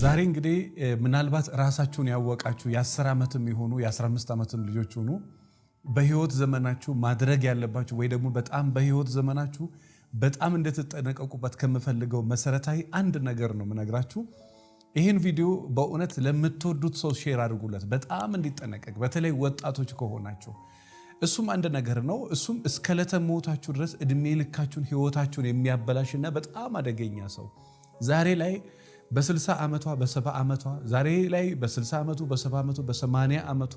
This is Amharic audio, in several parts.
ዛሬ እንግዲህ ምናልባት ራሳችሁን ያወቃችሁ የ10 ዓመትም የሆኑ የ15 ዓመትም ልጆች ሆኑ በህይወት ዘመናችሁ ማድረግ ያለባችሁ ወይ ደግሞ በጣም በህይወት ዘመናችሁ በጣም እንደተጠነቀቁበት ከምፈልገው መሰረታዊ አንድ ነገር ነው ምነግራችሁ። ይህን ቪዲዮ በእውነት ለምትወዱት ሰው ሼር አድርጉለት፣ በጣም እንዲጠነቀቅ በተለይ ወጣቶች ከሆናችሁ። እሱም አንድ ነገር ነው። እሱም እስከ ዕለተ ሞታችሁ ድረስ እድሜ ልካችሁን ህይወታችሁን የሚያበላሽና በጣም አደገኛ ሰው ዛሬ ላይ በ60 ዓመቷ በ70 ዓመቷ ዛሬ ላይ በ60 ዓመቱ በ70 ዓመቱ በ80 ዓመቱ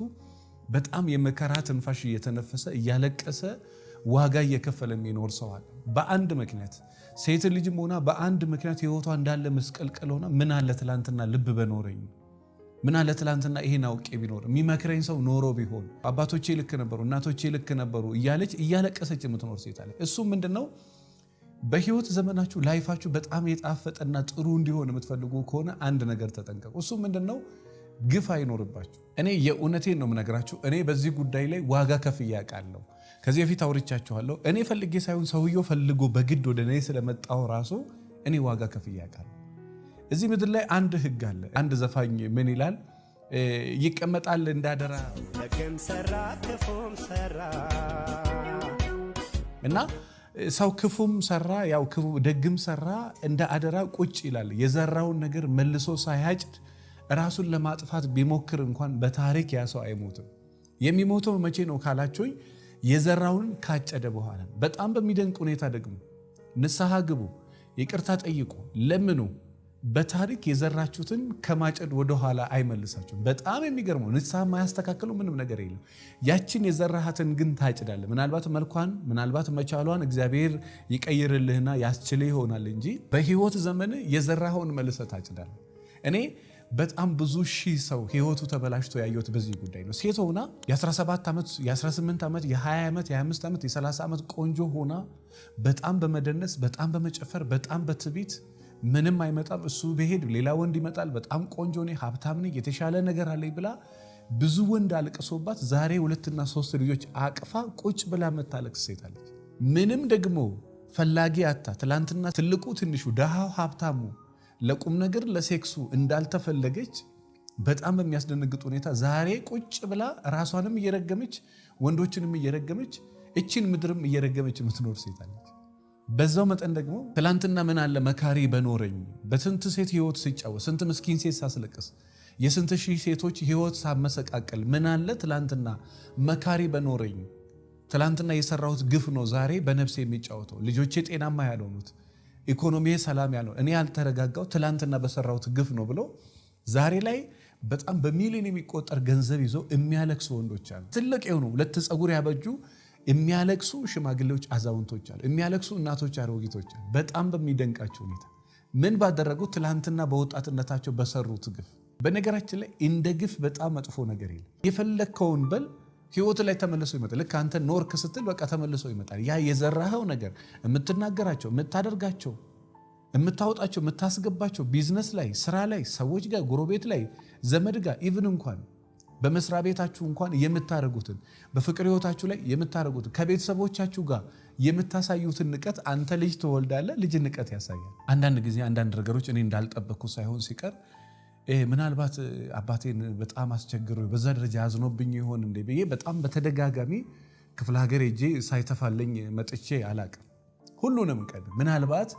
በጣም የመከራ ትንፋሽ እየተነፈሰ እያለቀሰ ዋጋ እየከፈለ የሚኖር ሰው አለ። በአንድ ምክንያት ሴት ልጅም ሆና በአንድ ምክንያት ህይወቷ እንዳለ መስቀልቀል ሆና ምን አለ ትላንትና ልብ በኖረኝ ምን አለ ትላንትና ይሄን አውቄ ቢኖር የሚመክረኝ ሰው ኖሮ ቢሆን አባቶቼ ልክ ነበሩ፣ እናቶቼ ልክ ነበሩ እያለች እያለቀሰች የምትኖር ሴት አለ። እሱ ምንድን ነው በህይወት ዘመናችሁ ላይፋችሁ በጣም የጣፈጠና ጥሩ እንዲሆን የምትፈልጉ ከሆነ አንድ ነገር ተጠንቀቁ። እሱ ምንድን ነው? ግፍ አይኖርባችሁ። እኔ የእውነቴን ነው የምነግራችሁ። እኔ በዚህ ጉዳይ ላይ ዋጋ ከፍ እያቃለሁ። ከዚህ በፊት አውርቻችኋለሁ። እኔ ፈልጌ ሳይሆን ሰውየው ፈልጎ በግድ ወደ እኔ ስለመጣው ራሱ እኔ ዋጋ ከፍ እያቃለሁ። እዚህ ምድር ላይ አንድ ህግ አለ። አንድ ዘፋኝ ምን ይላል? ይቀመጣል እንዳደራ ሰራ ክፉም ሰራ እና ሰው ክፉም ሰራ ያው ክፉ ደግም ሰራ እንደ አደራ ቁጭ ይላል። የዘራውን ነገር መልሶ ሳያጭድ ራሱን ለማጥፋት ቢሞክር እንኳን በታሪክ ያ ሰው አይሞትም። የሚሞተው መቼ ነው ካላችሁኝ የዘራውን ካጨደ በኋላ። በጣም በሚደንቅ ሁኔታ ደግሞ ንስሐ ግቡ፣ ይቅርታ ጠይቁ፣ ለምኑ በታሪክ የዘራችሁትን ከማጨድ ወደኋላ አይመልሳችሁም። በጣም የሚገርመው ንስሐ የማያስተካክለው ምንም ነገር የለም። ያችን የዘራሃትን ግን ታጭዳለ። ምናልባት መልኳን፣ ምናልባት መቻሏን እግዚአብሔር ይቀይርልህና ያስችል ይሆናል እንጂ በህይወት ዘመን የዘራኸውን መልሰ ታጭዳለ። እኔ በጣም ብዙ ሺህ ሰው ህይወቱ ተበላሽቶ ያየሁት በዚህ ጉዳይ ነው። ሴት ሆና የ17 ዓመት፣ የ18 ዓመት፣ የ20 ዓመት፣ የ25 ዓመት፣ የ30 ዓመት ቆንጆ ሆና በጣም በመደነስ በጣም በመጨፈር በጣም በትቢት ምንም አይመጣም፣ እሱ ብሄድ ሌላ ወንድ ይመጣል፣ በጣም ቆንጆ ነኝ፣ ሀብታም ነኝ፣ የተሻለ ነገር አለኝ ብላ ብዙ ወንድ አልቅሶባት ዛሬ ሁለትና ሶስት ልጆች አቅፋ ቁጭ ብላ መታለቅስ ሴት አለች። ምንም ደግሞ ፈላጊ አታ ትላንትና ትልቁ ትንሹ፣ ድሃው ሀብታሙ፣ ለቁም ነገር ለሴክሱ እንዳልተፈለገች በጣም በሚያስደነግጥ ሁኔታ ዛሬ ቁጭ ብላ ራሷንም እየረገመች ወንዶችንም እየረገመች እችን ምድርም እየረገመች የምትኖር ሴት አለች። በዛው መጠን ደግሞ ትላንትና ምን አለ መካሪ በኖረኝ በስንት ሴት ህይወት ሲጫወት ስንት ምስኪን ሴት ሳስለቅስ የስንት ሺህ ሴቶች ህይወት ሳመሰቃቀል ምን አለ ትላንትና መካሪ በኖረኝ ትላንትና የሰራሁት ግፍ ነው ዛሬ በነፍሴ የሚጫወተው። ልጆቼ ጤናማ ያልሆኑት፣ ኢኮኖሚ ሰላም ያልሆነ፣ እኔ ያልተረጋጋው ትላንትና በሰራሁት ግፍ ነው ብሎ ዛሬ ላይ በጣም በሚሊዮን የሚቆጠር ገንዘብ ይዞ የሚያለቅሱ ወንዶች አሉ። ትልቅ የሆኑ ሁለት ፀጉር ያበጁ የሚያለቅሱ ሽማግሌዎች፣ አዛውንቶች አሉ። የሚያለቅሱ እናቶች፣ አሮጊቶች አሉ። በጣም በሚደንቃቸው ሁኔታ ምን ባደረጉ? ትላንትና በወጣትነታቸው በሰሩት ግፍ። በነገራችን ላይ እንደ ግፍ በጣም መጥፎ ነገር የለም። የፈለግከውን በል ህይወት ላይ ተመልሶ ይመጣል። ልክ አንተ ኖርክ ስትል በቃ ተመልሶ ይመጣል። ያ የዘራኸው ነገር፣ የምትናገራቸው፣ የምታደርጋቸው፣ የምታወጣቸው፣ የምታስገባቸው ቢዝነስ ላይ፣ ስራ ላይ፣ ሰዎች ጋር፣ ጎረቤት ላይ፣ ዘመድ ጋር ኢቭን እንኳን በመስሪያ ቤታችሁ እንኳን የምታደርጉትን በፍቅር ህይወታችሁ ላይ የምታደርጉትን ከቤተሰቦቻችሁ ጋር የምታሳዩትን ንቀት አንተ ልጅ ትወልዳለ ልጅ ንቀት ያሳያል። አንዳንድ ጊዜ አንዳንድ ነገሮች እኔ እንዳልጠበቅኩ ሳይሆን ሲቀር ምናልባት አባቴን በጣም አስቸግሮ በዛ ደረጃ አዝኖብኝ ይሆን እንዴ ብዬ በጣም በተደጋጋሚ ክፍለ ሀገር ሄጄ ሳይተፋለኝ መጥቼ አላቅም። ሁሉንም ቀን ምናልባት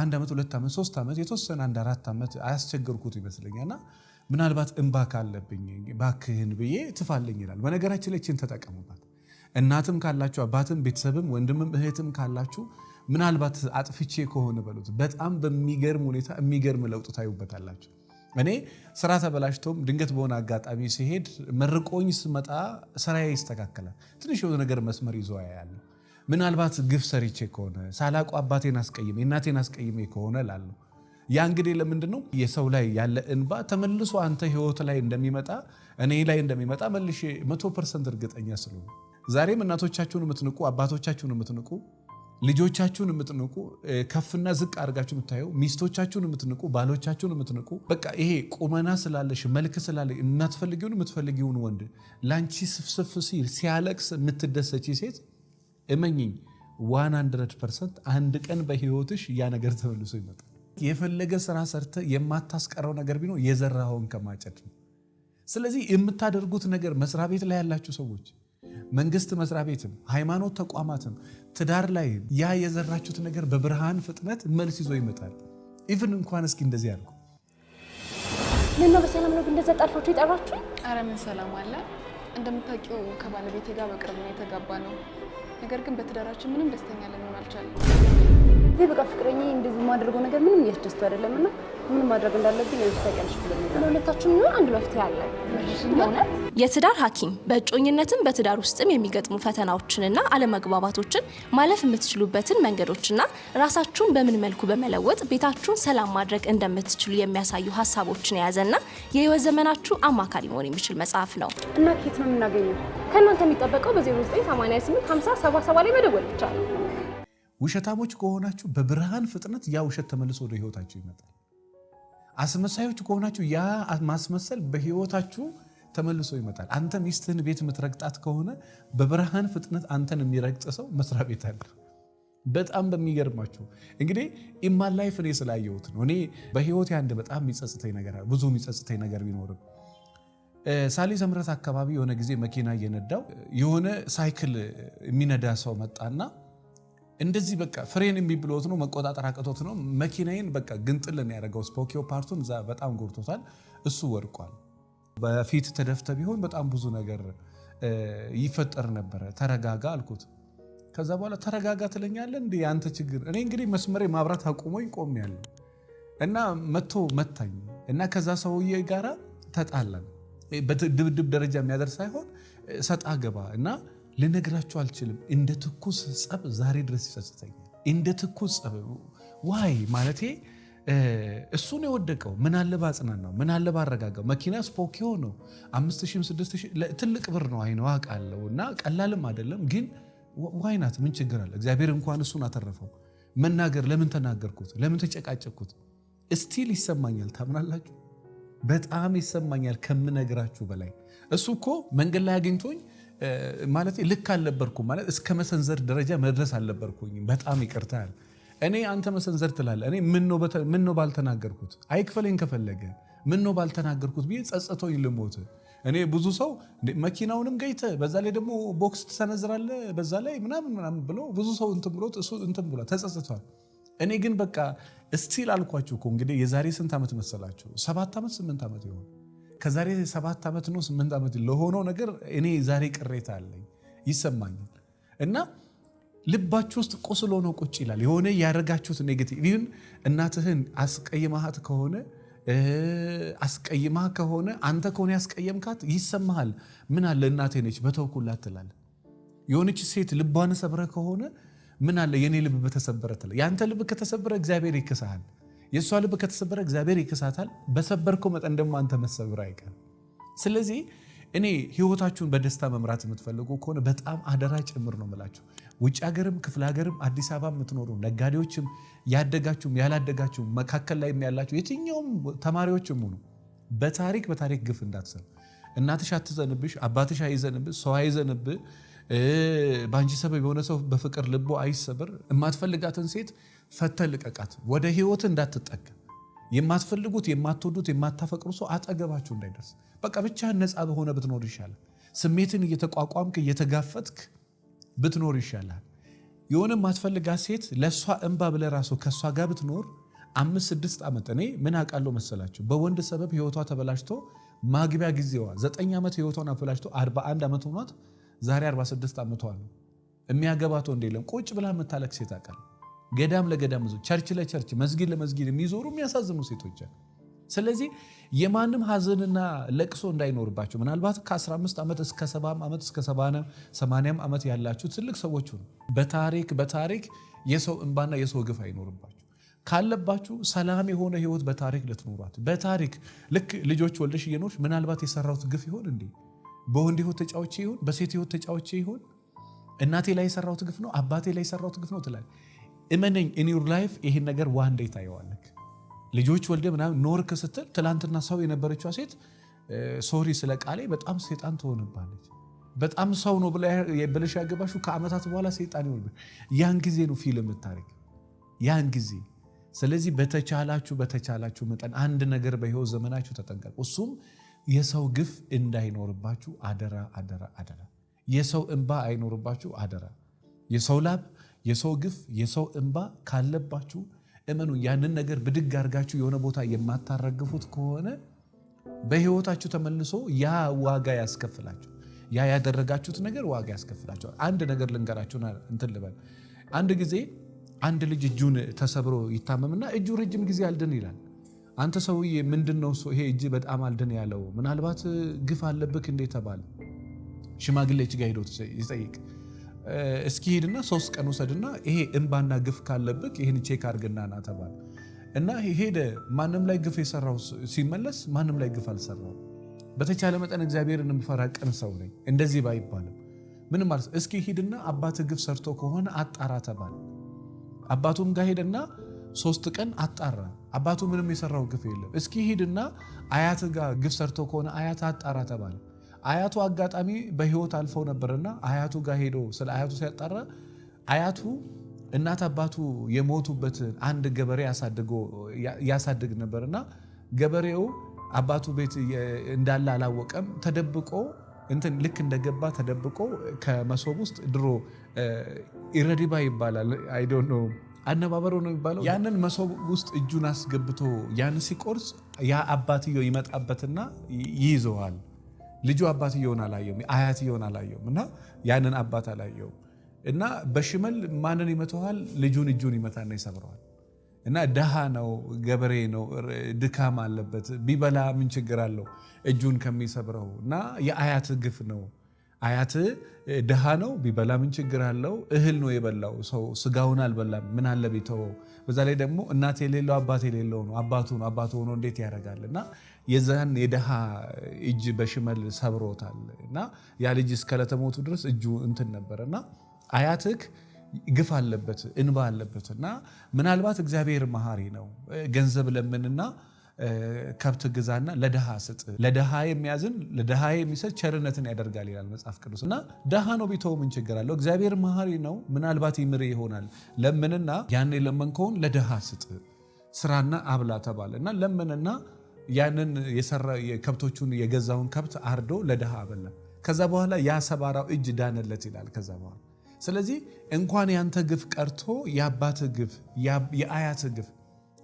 አንድ ዓመት ሁለት ዓመት ሶስት ዓመት የተወሰነ አንድ አራት ዓመት አያስቸግርኩት ይመስለኛልና ምናልባት እንባ ካለብኝ ባክህን ብዬ ትፋለኝ ይላል። በነገራችን ላይ ችን ተጠቀሙባት። እናትም ካላችሁ አባትም፣ ቤተሰብም፣ ወንድምም እህትም ካላችሁ ምናልባት አጥፍቼ ከሆነ በሉት። በጣም በሚገርም ሁኔታ የሚገርም ለውጥ ታዩበታላችሁ። እኔ ስራ ተበላሽቶም ድንገት በሆነ አጋጣሚ ሲሄድ መርቆኝ ስመጣ ስራዬ ይስተካከላል። ትንሽ የሆነ ነገር መስመር ይዞ ያያለሁ። ምናልባት ግፍ ሰሪቼ ከሆነ ሳላቁ አባቴን አስቀይሜ እናቴን አስቀይሜ ከሆነ ላለሁ ያ እንግዲህ ለምንድን ነው የሰው ላይ ያለ እንባ ተመልሶ አንተ ህይወት ላይ እንደሚመጣ እኔ ላይ እንደሚመጣ መልሼ መቶ ፐርሰንት እርግጠኛ ስለሆነ ዛሬም እናቶቻችሁን የምትንቁ አባቶቻችሁን የምትንቁ ልጆቻችሁን የምትንቁ ከፍና ዝቅ አድርጋችሁ የምታየው ሚስቶቻችሁን የምትንቁ ባሎቻችሁን የምትንቁ በቃ ይሄ ቁመና ስላለሽ መልክ ስላለ የማትፈልጊውን የምትፈልጊውን ወንድ ላንቺ ስፍስፍ ሲል ሲያለቅስ የምትደሰች ሴት እመኝኝ 100 ፐርሰንት አንድ ቀን በህይወትሽ ያ ነገር ተመልሶ ይመጣል። የፈለገ ስራ ሰርተ የማታስቀረው ነገር ቢኖር የዘራኸውን ከማጨድ ነው። ስለዚህ የምታደርጉት ነገር መስሪያ ቤት ላይ ያላችሁ ሰዎች፣ መንግስት መስሪያ ቤትም፣ ሃይማኖት ተቋማትም፣ ትዳር ላይ ያ የዘራችሁት ነገር በብርሃን ፍጥነት መልስ ይዞ ይመጣል። ኢቭን እንኳን እስኪ እንደዚህ አድርጉ። ምን ነው በሰላም ነው እንደዛ ጠርፋችሁ የጠራችሁኝ? አረ ምን ሰላም አለ። እንደምታውቂው ከባለቤቴ ጋር በቅርብ ነው የተጋባ ነው። ነገር ግን በትዳራችን ምንም ደስተኛ ልንሆን አልቻለም። ይህ በቃ ፍቅረኛ እንደዚህ የማደርገው ነገር ምንም እያስደስቱ አይደለም እና ምን ማድረግ እንዳለብኝ አንቺ ታውቂያለሽ ብለን ለሁለታችን ሆን አንድ መፍትሄ አለ። የትዳር ሐኪም በእጮኝነትም በትዳር ውስጥም የሚገጥሙ ፈተናዎችንና አለመግባባቶችን ማለፍ የምትችሉበትን መንገዶችና ራሳችሁን በምን መልኩ በመለወጥ ቤታችሁን ሰላም ማድረግ እንደምትችሉ የሚያሳዩ ሀሳቦችን የያዘና የህይወት ዘመናችሁ አማካሪ መሆን የሚችል መጽሐፍ ነው እና ኬት ነው የምናገኘው? ከእናንተ የሚጠበቀው በ0988 50 77 ላይ መደወል ብቻ ነው። ውሸታሞች ከሆናችሁ በብርሃን ፍጥነት ያ ውሸት ተመልሶ ወደ ህይወታችሁ ይመጣል። አስመሳዮች ከሆናችሁ ያ ማስመሰል በህይወታችሁ ተመልሶ ይመጣል። አንተ ሚስትህን ቤት የምትረግጣት ከሆነ በብርሃን ፍጥነት አንተን የሚረግጥ ሰው መስሪያ ቤት አለ። በጣም በሚገርማችሁ እንግዲህ ኢማን ላይፍ እኔ ስላየሁት ነው። እኔ በህይወት አንድ በጣም የሚጸጽተኝ ነገር ብዙ የሚጸጽተኝ ነገር ቢኖርም ሳሌ ዘምረት አካባቢ የሆነ ጊዜ መኪና እየነዳው የሆነ ሳይክል የሚነዳ ሰው መጣና እንደዚህ በቃ ፍሬን የሚብሎት ነው መቆጣጠር አቅቶት ነው። መኪናዬን በቃ ግንጥልን ያደረገው ስፖኪዮ ፓርቱን በጣም ጎድቶታል። እሱ ወድቋል። በፊት ተደፍተ ቢሆን በጣም ብዙ ነገር ይፈጠር ነበረ። ተረጋጋ አልኩት። ከዛ በኋላ ተረጋጋ ትለኛለ እንዲ ያንተ ችግር። እኔ እንግዲህ መስመሬ ማብራት አቁሞኝ ቆሜያለሁ እና መቶ መታኝ እና ከዛ ሰውዬ ጋራ ተጣላን። በድብድብ ደረጃ የሚያደርስ ሳይሆን ሰጣ ገባ እና ልነግራችሁ አልችልም። እንደ ትኩስ ጸብ ዛሬ ድረስ ይሰስተኛል። እንደ ትኩስ ጸብ ዋይ ማለቴ እሱን የወደቀው ምን አለ ነው፣ ምን አለ ባረጋጋው። መኪና ስፖኪዮ ነው፣ አምስት ሺህም ስድስት ሺህ ትልቅ ብር ነው። አይነ ዋቅ አለው እና ቀላልም አይደለም ግን ዋይናት ምን ችግር አለ? እግዚአብሔር እንኳን እሱን አተረፈው። መናገር ለምን ተናገርኩት? ለምን ተጨቃጨቅኩት? እስቲል ይሰማኛል። ታምናላችሁ? በጣም ይሰማኛል ከምነግራችሁ በላይ። እሱ እኮ መንገድ ላይ አግኝቶኝ ማለት ልክ አልነበርኩም ማለት እስከ መሰንዘር ደረጃ መድረስ አልነበርኩኝም። በጣም ይቅርታል። እኔ አንተ መሰንዘር ትላለ እኔ ምን ነው ባልተናገርኩት፣ አይክፈለኝ ከፈለገ ምን ነው ባልተናገርኩት ብዬ ጸጸቶኝ ልሞት። እኔ ብዙ ሰው መኪናውንም ገይተ በዛ ላይ ደግሞ ቦክስ ትሰነዝራለ በዛ ላይ ምናምን ምናምን ብሎ ብዙ ሰው እንትን ብሎ እሱ እንትን ብሎ ተጸጽቷል። እኔ ግን በቃ እስቲል አልኳችሁ እኮ እንግዲህ የዛሬ ስንት ዓመት መሰላችሁ? ሰባት ዓመት ስምንት ዓመት ይሆን ከዛሬ ሰባት ዓመት ነው ስምንት ዓመት ለሆነው ነገር እኔ ዛሬ ቅሬታ አለኝ ይሰማኛል። እና ልባችሁ ውስጥ ቁስል ሆኖ ቁጭ ይላል። የሆነ ያደረጋችሁት ኔጌቲቭ ይሁን እናትህን አስቀይማት ከሆነ አስቀይማ ከሆነ አንተ ከሆነ ያስቀየምካት ይሰማሃል። ምን አለ እናቴ ነች በተውኩላት ትላለህ። የሆነች ሴት ልቧን ሰብረህ ከሆነ ምን አለ የእኔ ልብ በተሰበረ ትላለህ። የአንተ ልብ ከተሰበረ እግዚአብሔር ይክስሃል። የእሷ ልብ ከተሰበረ እግዚአብሔር ይክሳታል። በሰበርከው መጠን ደግሞ አንተ መሰብር አይቀር። ስለዚህ እኔ ህይወታችሁን በደስታ መምራት የምትፈልጉ ከሆነ በጣም አደራ ጭምር ነው የምላችሁ። ውጭ ሀገርም ክፍለ ሀገርም አዲስ አበባ የምትኖሩ ነጋዴዎችም፣ ያደጋችሁም ያላደጋችሁም፣ መካከል ላይ ያላችሁ የትኛውም ተማሪዎችም ሆኑ በታሪክ በታሪክ ግፍ እንዳትሰሩ። እናትሽ አትዘንብሽ፣ አባትሽ አይዘንብህ፣ ሰው አይዘንብህ። በአንቺ ሰበብ የሆነ ሰው በፍቅር ልቦ አይሰብር። የማትፈልጋትን ሴት ፈተህ ልቀቃት። ወደ ህይወት እንዳትጠጋ የማትፈልጉት የማትወዱት የማታፈቅሩ ሰው አጠገባችሁ እንዳይደርስ። በቃ ብቻህን ነፃ በሆነ ብትኖር ይሻላል። ስሜትን እየተቋቋምክ እየተጋፈጥክ ብትኖር ይሻላል። የሆነ የማትፈልጋት ሴት ለእሷ እንባ ብለህ ራሱ ከእሷ ጋር ብትኖር አምስት ስድስት ዓመት እኔ ምን አውቃለሁ መሰላችሁ በወንድ ሰበብ ህይወቷ ተበላሽቶ ማግቢያ ጊዜዋ ዘጠኝ ዓመት ህይወቷን አበላሽቶ 41 ዓመት ሆኗት ዛሬ 46 ዓመቷ ነው። የሚያገባት ወንድ የለም። ቁጭ ብላ የምታለቅ ሴት አውቃለሁ። ገዳም ለገዳም ቸርች ለቸርች መስጊድ ለመስጊድ የሚዞሩ የሚያሳዝኑ ሴቶች። ስለዚህ የማንም ሀዘንና ለቅሶ እንዳይኖርባቸው ምናልባት ከ15 ዓመት እስከ 70 ዓመት እስከ 80 ዓመት ያላችሁ ትልቅ ሰዎች ሆኑ በታሪክ በታሪክ የሰው እንባና የሰው ግፍ አይኖርባችሁ። ካለባችሁ ሰላም የሆነ ህይወት በታሪክ ልትኖሯት በታሪክ ልክ ልጆች ወልደሽ እየኖርሽ ምናልባት የሰራሁት ግፍ ይሆን እንዴ? በወንድ ህይወት ተጫዎቼ ይሆን? በሴት ህይወት ተጫዎቼ ይሆን? እናቴ ላይ የሰራሁት ግፍ ነው አባቴ ላይ የሰራሁት ግፍ ነው ትላለች። እመነኝ ኢንዩር ላይፍ ይህን ነገር ዋን ዴይ ታየዋለህ። ልጆች ወልደ ምናምን ኖርክ ስትል ትላንትና ሰው የነበረችዋ ሴት ሶሪ ስለ ቃሌ በጣም ሴጣን ትሆንባለች። በጣም ሰው ነው ብለሽ ያገባሽው ከዓመታት በኋላ ሴጣን ይሆንብሽ። ያን ጊዜ ነው ፊልም የምታደርግ ያን ጊዜ። ስለዚህ በተቻላችሁ በተቻላችሁ መጠን አንድ ነገር በሕይወት ዘመናችሁ ተጠንቀቁ። እሱም የሰው ግፍ እንዳይኖርባችሁ አደራ፣ አደራ፣ አደራ። የሰው እንባ አይኖርባችሁ አደራ። የሰው ላብ የሰው ግፍ፣ የሰው እንባ ካለባችሁ እመኑ፣ ያንን ነገር ብድግ አድርጋችሁ የሆነ ቦታ የማታረግፉት ከሆነ በህይወታችሁ ተመልሶ ያ ዋጋ ያስከፍላችሁ። ያ ያደረጋችሁት ነገር ዋጋ ያስከፍላችኋል። አንድ ነገር ልንገራችሁ፣ እንትን ልበል። አንድ ጊዜ አንድ ልጅ እጁን ተሰብሮ ይታመምና እጁ ረጅም ጊዜ አልድን ይላል። አንተ ሰውዬ ምንድን ነው ይሄ እጅ በጣም አልድን ያለው? ምናልባት ግፍ አለብክ እንዴ ተባለ። ሽማግሌዎች ጋር ሄዶ ይጠይቅ እስኪ ሶስት ቀን ውሰድና ይሄ እንባና ግፍ ካለብክ ይህን ቼክ አድርግናና ተባለ እና ሄደ። ማንም ላይ ግፍ የሰራው ሲመለስ ማንም ላይ ግፍ አልሰራው። በተቻለ መጠን እግዚአብሔርን የምፈራ ቅን ሰው ነኝ። እንደዚህ ባይባልም ምን ማለት እስኪ ሂድና አባት ግፍ ሰርቶ ከሆነ አጣራ ተባለ። አባቱም ጋር ሄደና ሶስት ቀን አጣራ። አባቱ ምንም የሰራው ግፍ የለም። እስኪ ሂድና አያት ጋር ግፍ ሰርቶ ከሆነ አያት አጣራ ተባለ። አያቱ አጋጣሚ በህይወት አልፈው ነበርና አያቱ ጋር ሄዶ ስለ አያቱ ሲያጣራ አያቱ እናት አባቱ የሞቱበትን አንድ ገበሬ ያሳድግ ነበርና ገበሬው አባቱ ቤት እንዳለ አላወቀም። ተደብቆ እንትን ልክ እንደገባ ተደብቆ ከመሶብ ውስጥ ድሮ ኢረዲባ ይባላል አይዶ ነው አነባበሩ ነው የሚባለው። ያንን መሶብ ውስጥ እጁን አስገብቶ ያን ሲቆርስ ያ አባትዮ ይመጣበትና ይይዘዋል። ልጁ አባት እየሆን አላየውም፣ አያት እየሆን አላየውም እና ያንን አባት አላየውም እና በሽመል ማንን ይመተዋል? ልጁን እጁን ይመታና ይሰብረዋል። እና ድሃ ነው፣ ገበሬ ነው፣ ድካም አለበት። ቢበላ ምን ችግር አለው? እጁን ከሚሰብረው እና የአያት ግፍ ነው። አያት ድሃ ነው፣ ቢበላ ምን ችግር አለው? እህል ነው የበላው ሰው ስጋውን አልበላም። ምን አለ ቢተወው። በዛ ላይ ደግሞ እናት የሌለው አባት የሌለው ነው፣ አባቱ ነው። አባቱ ሆኖ እንዴት ያደርጋል? እና የዛን የድሃ እጅ በሽመል ሰብሮታል እና ያ ልጅ እስከ ለተሞቱ ድረስ እጁ እንትን ነበር እና አያትክ ግፍ አለበት እንባ አለበት እና ምናልባት እግዚአብሔር መሐሪ ነው። ገንዘብ ለምንና ከብት ግዛና ለድሃ ስጥ፣ ለድሃ የሚያዝን ለድሃ የሚሰጥ ቸርነትን ያደርጋል ይላል መጽሐፍ ቅዱስ። እና ድሃ ነው ቢተው ምን ችግር አለው? እግዚአብሔር መሐሪ ነው። ምናልባት ይምር ይሆናል። ለምንና ያኔ ለመንከውን ለድሃ ስጥ፣ ስራና አብላ ተባለ እና ለምንና ያንን የከብቶቹን የገዛውን ከብት አርዶ ለድሃ አበላ። ከዛ በኋላ ያ ሰባራው እጅ ዳነለት ይላል። ከዛ በኋላ ስለዚህ እንኳን ያንተ ግፍ ቀርቶ የአባት ግፍ የአያት ግፍ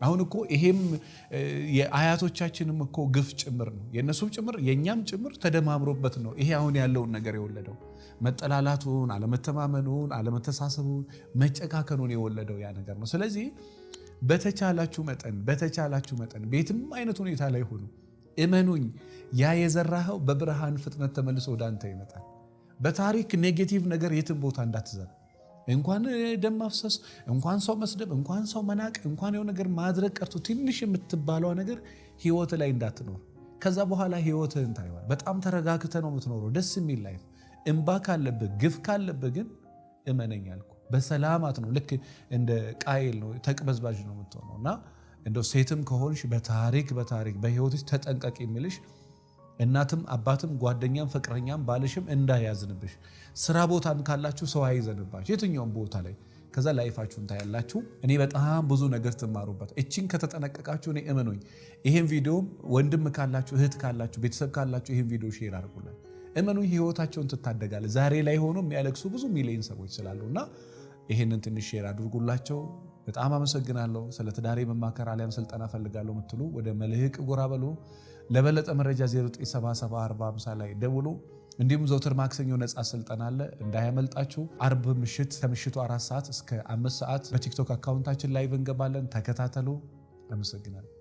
አሁን እኮ ይሄም የአያቶቻችንም እኮ ግፍ ጭምር ነው፣ የእነሱም ጭምር የእኛም ጭምር ተደማምሮበት ነው ይሄ አሁን ያለውን ነገር የወለደው መጠላላቱን፣ አለመተማመኑን፣ አለመተሳሰቡን፣ መጨካከኑን የወለደው ያ ነገር ነው። ስለዚህ በተቻላችሁ መጠን በተቻላችሁ መጠን ቤትም አይነት ሁኔታ ላይ ሆኑ፣ እመኑኝ ያ የዘራኸው በብርሃን ፍጥነት ተመልሶ ወደ አንተ ይመጣል። በታሪክ ኔጌቲቭ ነገር የትም ቦታ እንዳትዘራ። እንኳን ደም ማፍሰስ፣ እንኳን ሰው መስደብ፣ እንኳን ሰው መናቅ፣ እንኳን የሆነ ነገር ማድረግ ቀርቶ ትንሽ የምትባለዋ ነገር ህይወት ላይ እንዳትኖር። ከዛ በኋላ ህይወትህን ታይዋል። በጣም ተረጋግተ ነው የምትኖረው፣ ደስ የሚል ላይፍ። እንባ ካለብህ ግፍ ካለብህ ግን አልኩ። በሰላማት ነው። ልክ እንደ ቃይል ነው ተቅበዝባዥ ነው የምትሆነው። እና እንደ ሴትም ከሆንሽ በታሪክ በታሪክ በህይወትሽ ተጠንቀቂ የሚልሽ እናትም አባትም ጓደኛም ፍቅረኛም ባልሽም እንዳያዝንብሽ። ስራ ቦታም ካላችሁ ሰው አይዘንባችሁ የትኛውም ቦታ ላይ። ከዛ ላይፋችሁን ታያላችሁ። እኔ በጣም ብዙ ነገር ትማሩበት። እችን ከተጠነቀቃችሁ እኔ እመኖኝ ይህን ቪዲዮ ወንድም ካላችሁ እህት ካላችሁ ቤተሰብ ካላችሁ ይህን ቪዲዮ ሼር አድርጉላችሁ። እመኑኝ ህይወታቸውን ትታደጋለ። ዛሬ ላይ ሆኖ የሚያለቅሱ ብዙ ሚሊዮን ሰዎች ስላሉ እና ይህንን ትንሽ ሼር አድርጉላቸው። በጣም አመሰግናለሁ። ስለ ትዳሬ መማከር አሊያም ስልጠና ፈልጋለሁ ምትሉ ወደ መልህቅ ጎራ በሉ። ለበለጠ መረጃ 09774050 ላይ ደውሉ። እንዲሁም ዘውትር ማክሰኞ ነፃ ስልጠና አለ እንዳያመልጣችሁ። አርብ ምሽት ከምሽቱ አራት ሰዓት እስከ አምስት ሰዓት በቲክቶክ አካውንታችን ላይ እንገባለን። ተከታተሉ። አመሰግናለሁ።